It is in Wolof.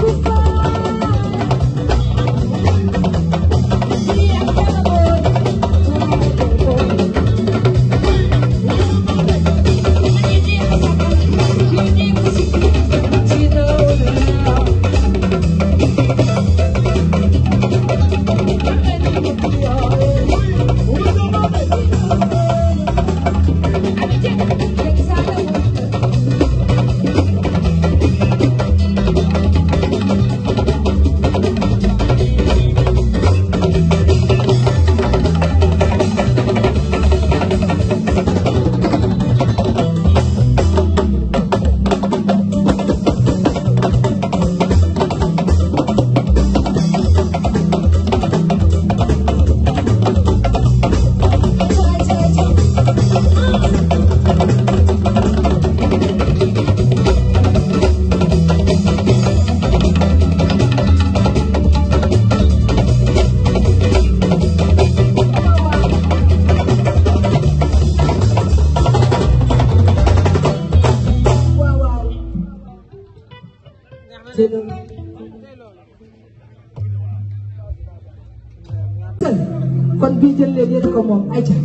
Thank you. kon bii jël leen yéen ko moom ayca